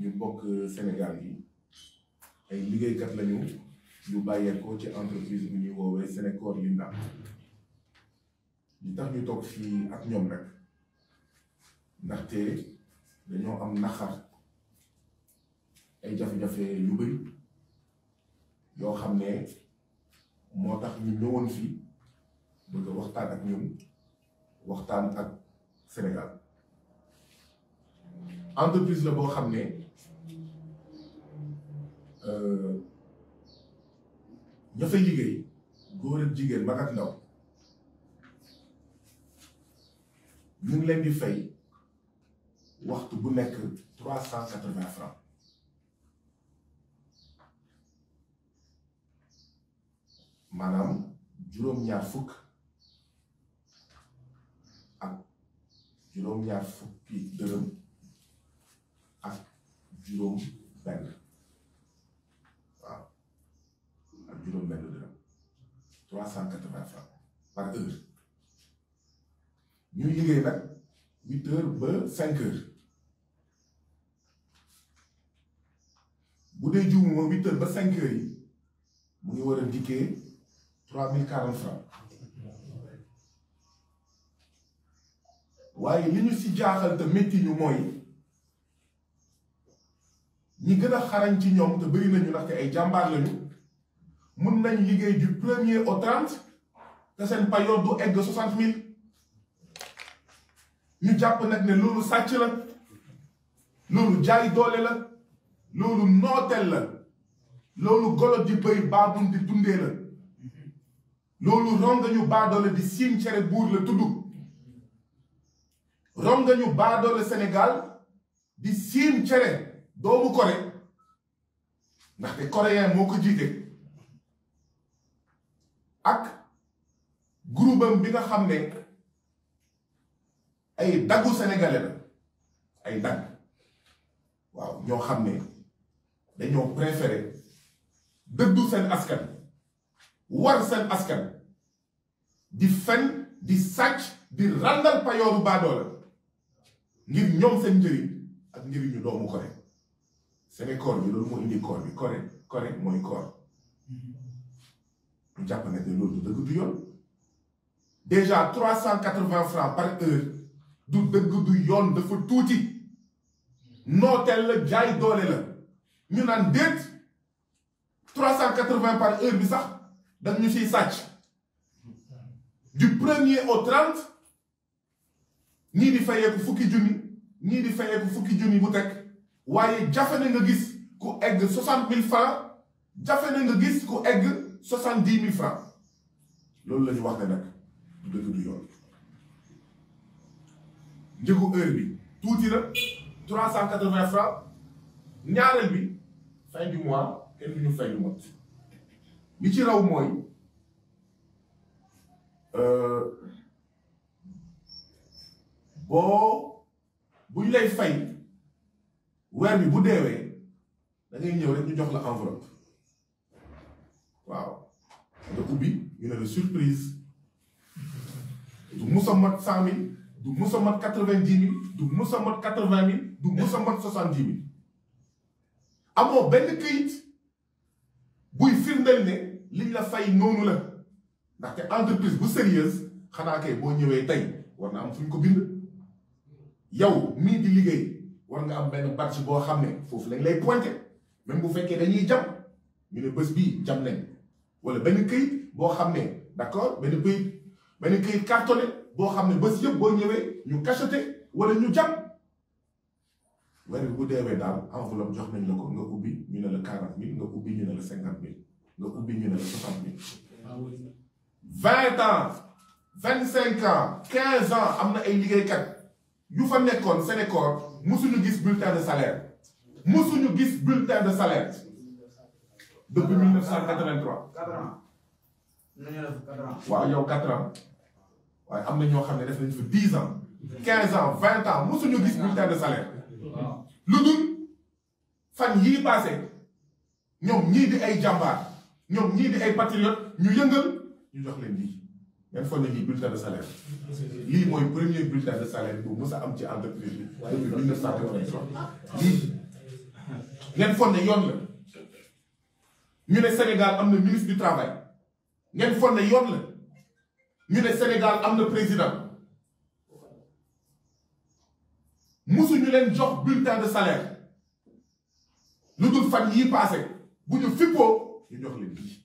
ñu bokk Sénégal yi ay liggéeykat lañu yu bàyyeekoo ci entreprise bu ñuy woowee Sénécor yu ndax li tax ñu toog fii ak ñoom nag ndaxte dañoo am naxar ay jafe-jafe yu bari yoo xam ne moo tax ñu ñëwoon fii bëgg waxtaan ak ñun waxtaan ak Sénégal entreprise la boo xam ne Euh, ña fay liggéey góor ak jigéen mag ak ndaw ñu ngi leen di fay waxtu bu nekk trois cent quatre-vingts francs maanaam juróom-ñaar fukk ak juróom-ñaar fukki dërëm ak juróom benn ak juróom benn dërëm trois cent quatre-vingts par heure ñuy liggéey nag huit ba cinq bu dee jiwu moom huit heures ba cinq heures yi mu ngi war a dikkee trois mille quarante francs waaye li ñu si jaaxal te métti ñu mooy ñi gën a xarañ ci ñoom te bëri nañu ndaxte ay jàmbaar lañu mun nañ liggéey du premier au trente te seen payoor du egg soixante mille ñu jàpp nag ne loolu sàcc la loolu jaay doole la loolu nooteel la loolu golo di bëy baadum di la loolu rongañu baadoole di siim cere buur la tudd rongañu baadoole Sénégal di siim cere doomu Corée ndaxte coréen moo ko jiite ak groupam bi nga xam ne ay daggu sénégalais la ay dagg waaw ñoo xam ne dañoo préféré dëddu seen askan war seen askan di fen di sàcc di ràndal payooru baadoola ngir ñoom seen njëriñ ak njëriñu doomu Corée Sénégal bi loolu moo indi koor bi Corée mooy koor ñu jàpp ne ne loolu du dëgg yoon déjà par heure du dëgg du yoon dafa tuuti nooteel la jaay doole la ñu naan déet trois cent quatre-vingts par heure bi sax dañ ñu siy sàcc du premier au trente ñii di fayeeku fukki junni nii di fayeeku fukki junni bu teg waaye jafe na nga gis ku egg soixante mille francs jafe na nga gis ku egg soixante dix mille francs loolu la ñu wax ne nag du dëgg du yoon njëgu heure bi tuuti na trois cent quatre vingt francs ñaareel bi fin mois kenn du ñu fay lu mot li ci raw mooy euh, boo bu ñu lay fay weer bi bu deewee da ngay ñëw rek ñu jox la enveloppe waaw nga ubbi ñu ne la surprise du mus a mat cent mille du mus a mat quatre vingt dix mille du mus a mat mille amoo benn këyit buy firndeel ne liñ la say noonu la ndaxte entreprise bu sérieuse xanaa kay boo ñëwee tey war na am fu ñu ko bind yow mii di liggéey war nga am benn badge boo xam ne foofu lañ lay pointé même bu fekkee dañuy jam ñu ne bës bii jam nañ wala benn këyit boo xam ne d'accord benn këyit benn këyit cartonné boo xam ne bés yëpp boo ñëwee ñu cacheté wala ñu jàpp weer bu deewee daal enveloppe jox nañ ne ko nga ubbi ñu ne la quarante mille nga ubbi ñu ne la cinquante mille nga ubbi ñu ne la soixante mille. vingt ans vingt cinq ans quinze ans am na ay liggéeykat yu fa nekkoon Sénégal mosuñu gis bulletin de salaire mosuñu gis bulletin de salaire. depuis mille neuf cent quatre-vingt-trois. quatre waaw yow quatre ans am na ñoo xam ne def nañu fa dix ans quinze ans vingt ans mosuñu gis bulletin de lu dul fan yii paase ñoom ñii di ay jàmbaar ñoom ñii di ay patriote ñu yëngal ñu jox leen lii. ngeen foog ne lii bulletin de salaire lii mooy premier bulletin de salaire bu mës a am ci entreprise bi depuis mille neuf cent quatre-vingt-trois lii ngeen foog ne yoon la. ñu ne Sénégal am na ministre du travail ngeen fon ne yoon la ñu ne Sénégal am na président musuñu leen jox bulletin de salaire lu dul fan yii passé bu ñu fippoo ñu jox leen lii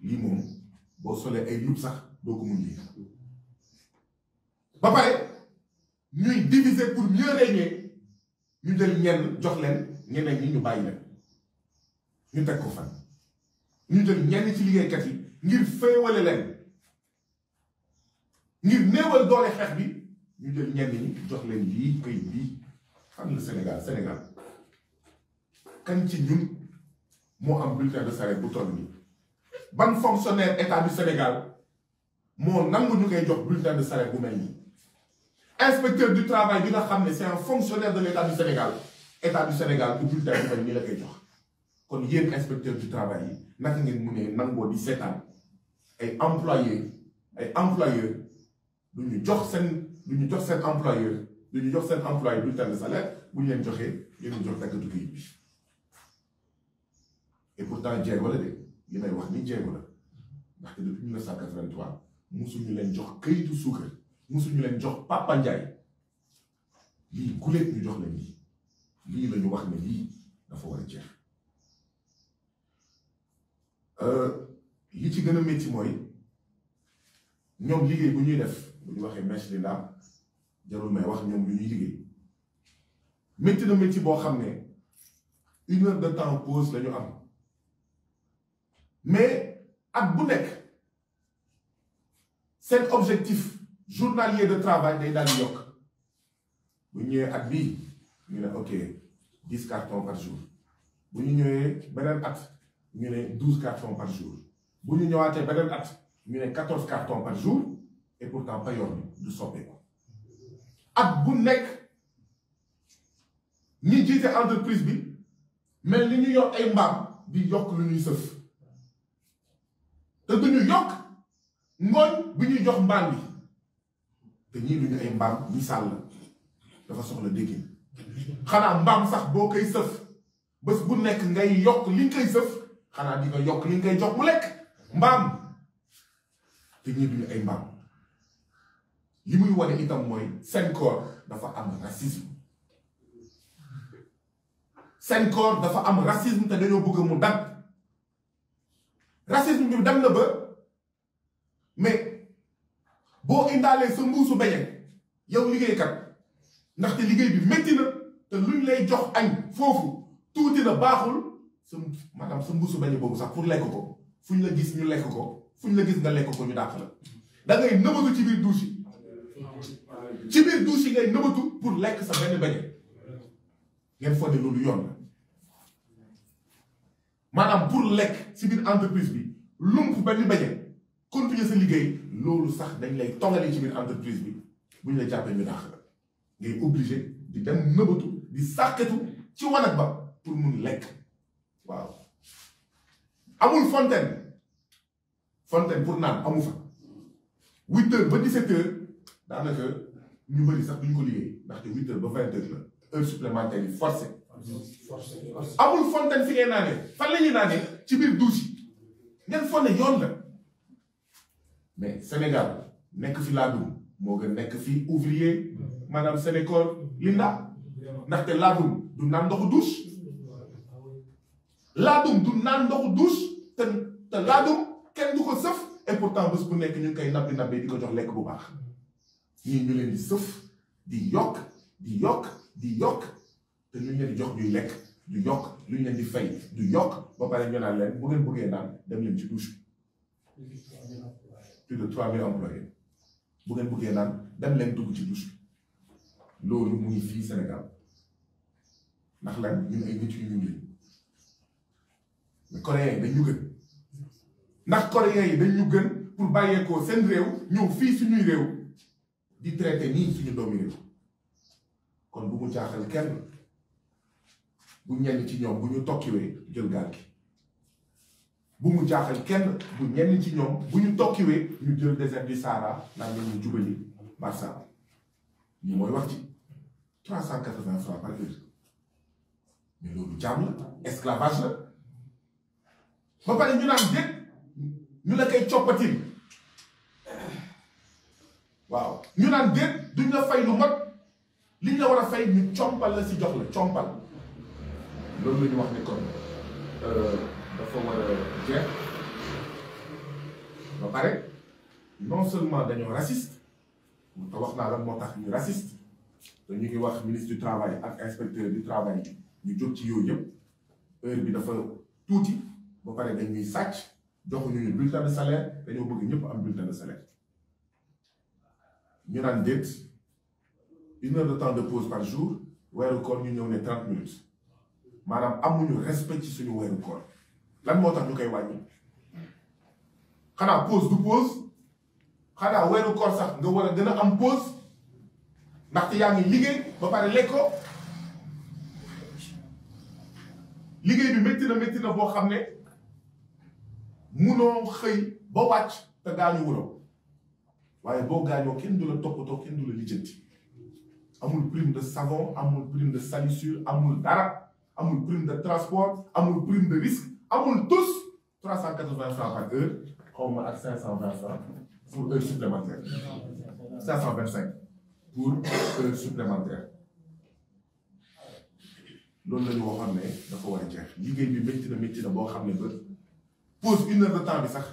lii moom boo solee ay lub sax doo ko mun lii ba pare ñuy diviser pour mieux régner ñu jël ñenn jox leen ñeneen ñi ñu bàyyi leen ñu teg ko fan ñu jël ñenn ci liggéeykat yi ngir féewale leen ngir néewal doole xeex bi ñu jël ñenn ñi jox leen lii këy lii xam na Sénégal Sénégal kan ci ñun moo am bulletin de salaire bu toll nii ban fonctionnaire état du Sénégal moo nangu ñu koy jox bulletin de salaire bu mel nii inspecteur du travail bi nga xam ne c'est un fonctionnaire de du Sénégal état du Sénégal ubbil tarifa nii la koy jox kon yéen inspecteur du travail yi naka ngeen munee nangoo di seetaan ay employé ay employeur du ñu jox seen du ñu jox seen employeur du ñu jox seen employé bulletin de salaire bu ñu leen joxee yéen ñu jox daggatu kayit bi et pourtant wax ni jéego la ndaxte depuis 1983 leen jox kayitu suukar musuñu leen jox Papa Ndiaye lii guleet ñu jox leen lii lii la wax ne lii dafa war a jeex euh, li ci gën a métti mooy ñoom liggéey bu ñuy def bu ñu waxee mèche li la jarul may wax ñoom lu ñuy liggéey métti na métti boo xam ne une heure de temps pause la am mais at bu nekk seen objectif journalier de travail day daal di yokk bu ñëwee at ñu ne ok dix cartons par jour bu ñu ñëwee beneen at ñu ne douze cartons par jour bu ñu ñëwaatee beneen at ñu ne quatorze cartons par jour et pourtant payoor bi du soppeeku at bu nekk ñi jiite entreprise bi mel ni ñu yor ay mbaam di yokk lu ñuy sëf te du ñu yokk ngooñ bi ñuy jox mbaam bi te ñii du ñu ay mbaam ñi sàll dafa soxla déggin xanaa mbaam sax boo koy sëf bés bu nekk ngay yokk li nga koy sëf yokk li nga jox mu lekk mbaam te ñii duñu ay mbaam li muy wane itam mooy seen koor dafa am racisme seen koor dafa am racisme te dañoo bëgg mu dagg racisme bi dem na ba mais boo indaalee sa mbuusu beñe yow liggéeykat ndaxte liggéey bi métti na te luñ lay jox añ foofu tuuti na baaxul sa maanaam sa mbuusu bañ boobu sax pour lekk ko fuñ la gis ñu lekk ko fuñ la gis nga lekk ko ñu dàq la da ngay ci biir douche yi ci biir douche yi ngay nëbatu pour lekk sa benn bañ ngeen foog loolu yoon la am pour lekk si biir entreprise bi lump benn bañ continuer sa liggéey loolu sax dañ lay tongale ci biir entreprise bi buñ la jàppee ñu dàq la. ngay obligé di dem nëbatu di sàkketu ci wanag ba pour mun lekk waaw amul fontaine fontaine pour naan amu fa huit heures ba dix-sept heures daanaka ñu bëri sax duñ ko liggéey ndaxte huit heures ba vingt heures la heure forcé amul fontaine fi ngay naanee fan la ñuy naanee ci biir douche yi ngeen fonne yoon la mais Sénégal nekk fi laa dum moo gën nekk fi ouvrier maanaam Sénégal Linda ndaxte laadum du naan ndoxu douche te te laadum kenn du ko sëf et bés bu nekk ñu ngi koy nabbi nabbi di ko jox lekk bu baax ñii ñu leen di sëf di yokk di yokk di yokk te ñu leen di jox ñuy lekk du yokk lu ñu leen di fay du yokk ba pare ñu naan leen bu ngeen bëggee naan dem leen ci douche bi plus de dem leen dugg bi loolu muy fii Sénégal ndax lan ñun ay nit yu ñuul lañ mais dañ ñu gën ndax coréen dañ ñu gën pour bàyyeekoo seen réew ñëw fii suñuy réew di traité nii suñu doomi réew kon bu mu jaaxal kenn bu ñenn ci ñoom bu ñu tokkiwee jël gaal gi kenn ñenn ci ñoom bu ñu tokkiwee ñu jël désert du Sahara naan la ñu jubali Barça lii mooy wax ci trois cent quatre-vingts francs par heure mais loolu jaam la esclavage la ba pare ñu naan déet ñu la koy fay lu mat liñ la war a fay compal la si jox la compal loolu ñu wax ne kon euh, dafa war a ba pare non seulement dañoo raciste te wax naa lan moo tax ñu raciste te ñu ngi wax ministre du travail ak inspecteur du travail ñu jóg ci yooyu yëpp heure bi dafa tuuti ba pare dañuy sàcc joxuñu ñu bulletin de salaire dañoo bëgg ñëpp am bulletin de salaire ñu naan déet une heure de temps de pause par jour weeru koor ñu ñëw ne trente minutes maanaam amuñu respect ci suñu weeru koor lan moo tax ñu koy wàññi xanaa pause du pause. xanaa weeru koor sax nga war a gën a am pause ndaxte yaa ngi liggéey ba pare lekkoo liggéey bi métti na na boo xam ne munoo xëy ba wàcc te gaañu wuloo waaye boo gaañoo kenn du la toppatoo kenn du la lijjanti amul prime de savon amul prime de salissure amul dara amul prime de transport amul prime de risque amul tous 380 francs par heure xaw ma ak 520 francs pour heure supplémentaire 525 pour heure supplémentaire loolu la ñu waxoon ne dafa war a jeex liggéey bi métti na métti na boo xam ne ba pause une heure de temps sax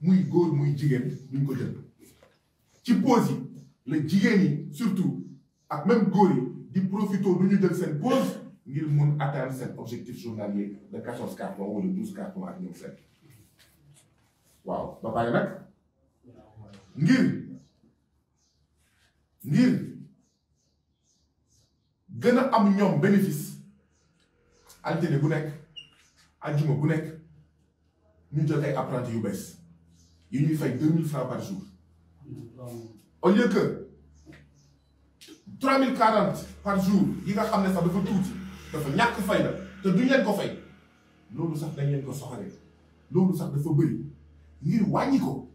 muy góor muy jigéen duñ ko jël ci pause yi la jigéen yi surtout ak même góor yi di profito lu ñu jël seen pause ngir mun atteindre seen objectif journalier de quatorze cartons wala douze cartons ak ñoom seen waaw ba pare nag. ngir ngir gën a am ñoom bénéfice altine bu nekk ajjuma bu nekk ñu jël ay apprentis yu bees yu ñuy fay deux mille francs par jour au lieu par jour yi nga xam ne sax dafa tuuti dafa ñàkk fay la te duñ leen ko fay loolu sax dañ leen ko soxalee loolu sax dafa bëri ngir wàññi ko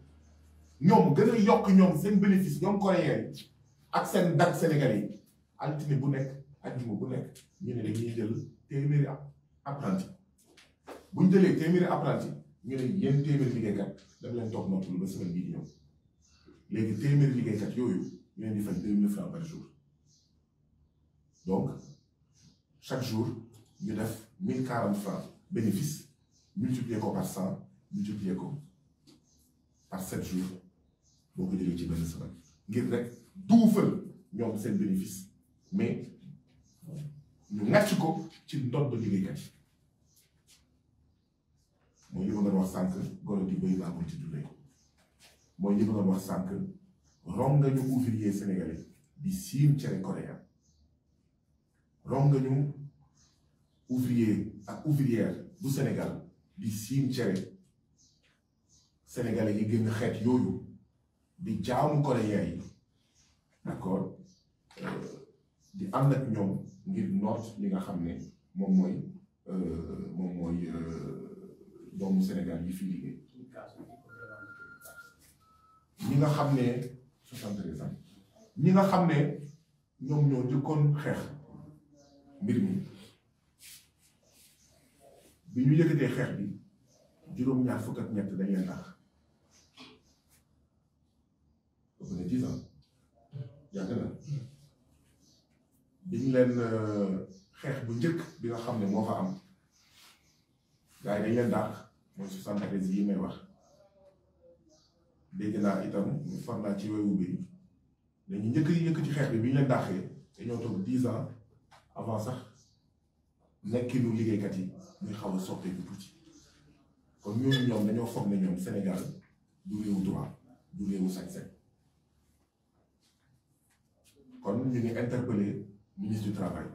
ñoom gën a yokk ñoom seen bénéfice ñoom coréen yi ak seen date sénégalais yi altine bu nekk ak ajjuma bu nekk ñu ne dañuy jël téeméeri apprenti bu ñu jëlee téeméeri apprenti ñu ne yéen téeméeri liggéeykat daf leen toog nopp lu ba semaine bii di ñëw léegi téeméeri liggéeykat yooyu ñu leen di fay deux mille francs par jour donc chaque jour ñu def mille quarante francs bénéfice multiplié ko par cent multiplié ko par sept jours boo ko jëlee ci benn semaine ngir rek duufal ñoom seen bénéfice mais ñu ngàcc ko ci ndodd liggéeykat yi mooy li ma doon wax sànq golo di béy baaxul ci dundee mooy li ma doon wax sànq rongañu ouvrier sénégalais di siim cere coréen rongañu ouvrier ak ouvrière bu Sénégal di siim cere sénégalais yi gën xeet yooyu. di jaamu coréen yi d'accord euh, di am ak ñoom ngir noot li nga xam ne moom mooy euh, moom mooy euh, doomu Sénégal yi fi liggéey ñi nga xam ne soixante-treize ans ñi nga xam ne ñoom ñoo jëkkoon xeex mbir mi bi ñu yëkkatee xeex bi juróom-ñaar fukk ñett dañ leen tax ay dix yàgg na biñ leen euh, xeex bu njëkk bi nga xam ne moo fa am gars yi dañ leen dàq mooy soixante-treize yi may wax dégg naa itam far naa ci wewu bi njëkk yi njëkk bi bi ñu leen dàqee dañoo toog dix ans avant sax nekkinu liggéeykat yi muy xaw a soppeeku tuuti kon ñooñu ñoom dañoo foog ne ñoom Sénégal du réewu droit du réewu sañ-sañ kon ñu ngi interpellé ministre du travail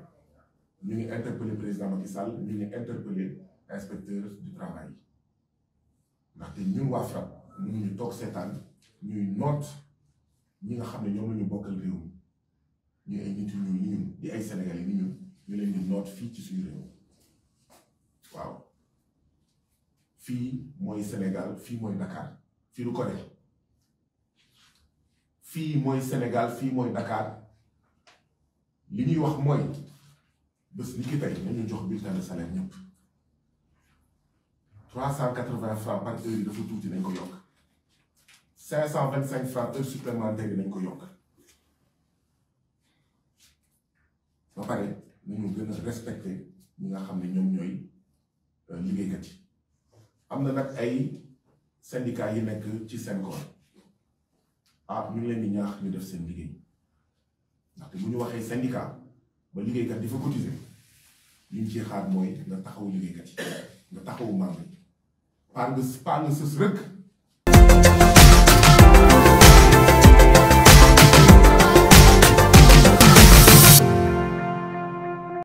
ñu ngi interpellé président Macky Sall ñu ngi interpellé inspecteur du travail ndaxte ñun waa FRAPP mënuñu toog seetaan ñuy noot ñi nga xam ne ñoom la ñu bokkal réew mi ñu ay nit ñu ni ñun di ay sénégalais ni ñun ñu leen di noot fii ci suñu réew waaw fii mooy Sénégal fii mooy Dakar fii du Corée fii mooy Sénégal fii mooy Dakar. li ñuy wax mooy bés ni ki nañu jox bulletin de salaire ñëpp trois cent quatre-vingts francs par heure yi dafa tuuti nañ ko yokk cinq cent vingt-cinq francs heure supplémentaire yi nañ ko yokk ba pare nañu gën a respecter ñi nga xam ne ñoom ñooy euh, liggéeykat am na nag ay syndicat yi nekk ci seen koor ah ñu leen di ñaax ñu def seen liggéey ndaxte bu ñu waxee syndicat ba liggéeykat di fa cotiser li ñu xaar mooy nga taxawu liggéeykat yi nga taxawu membre yi par nga sës rek.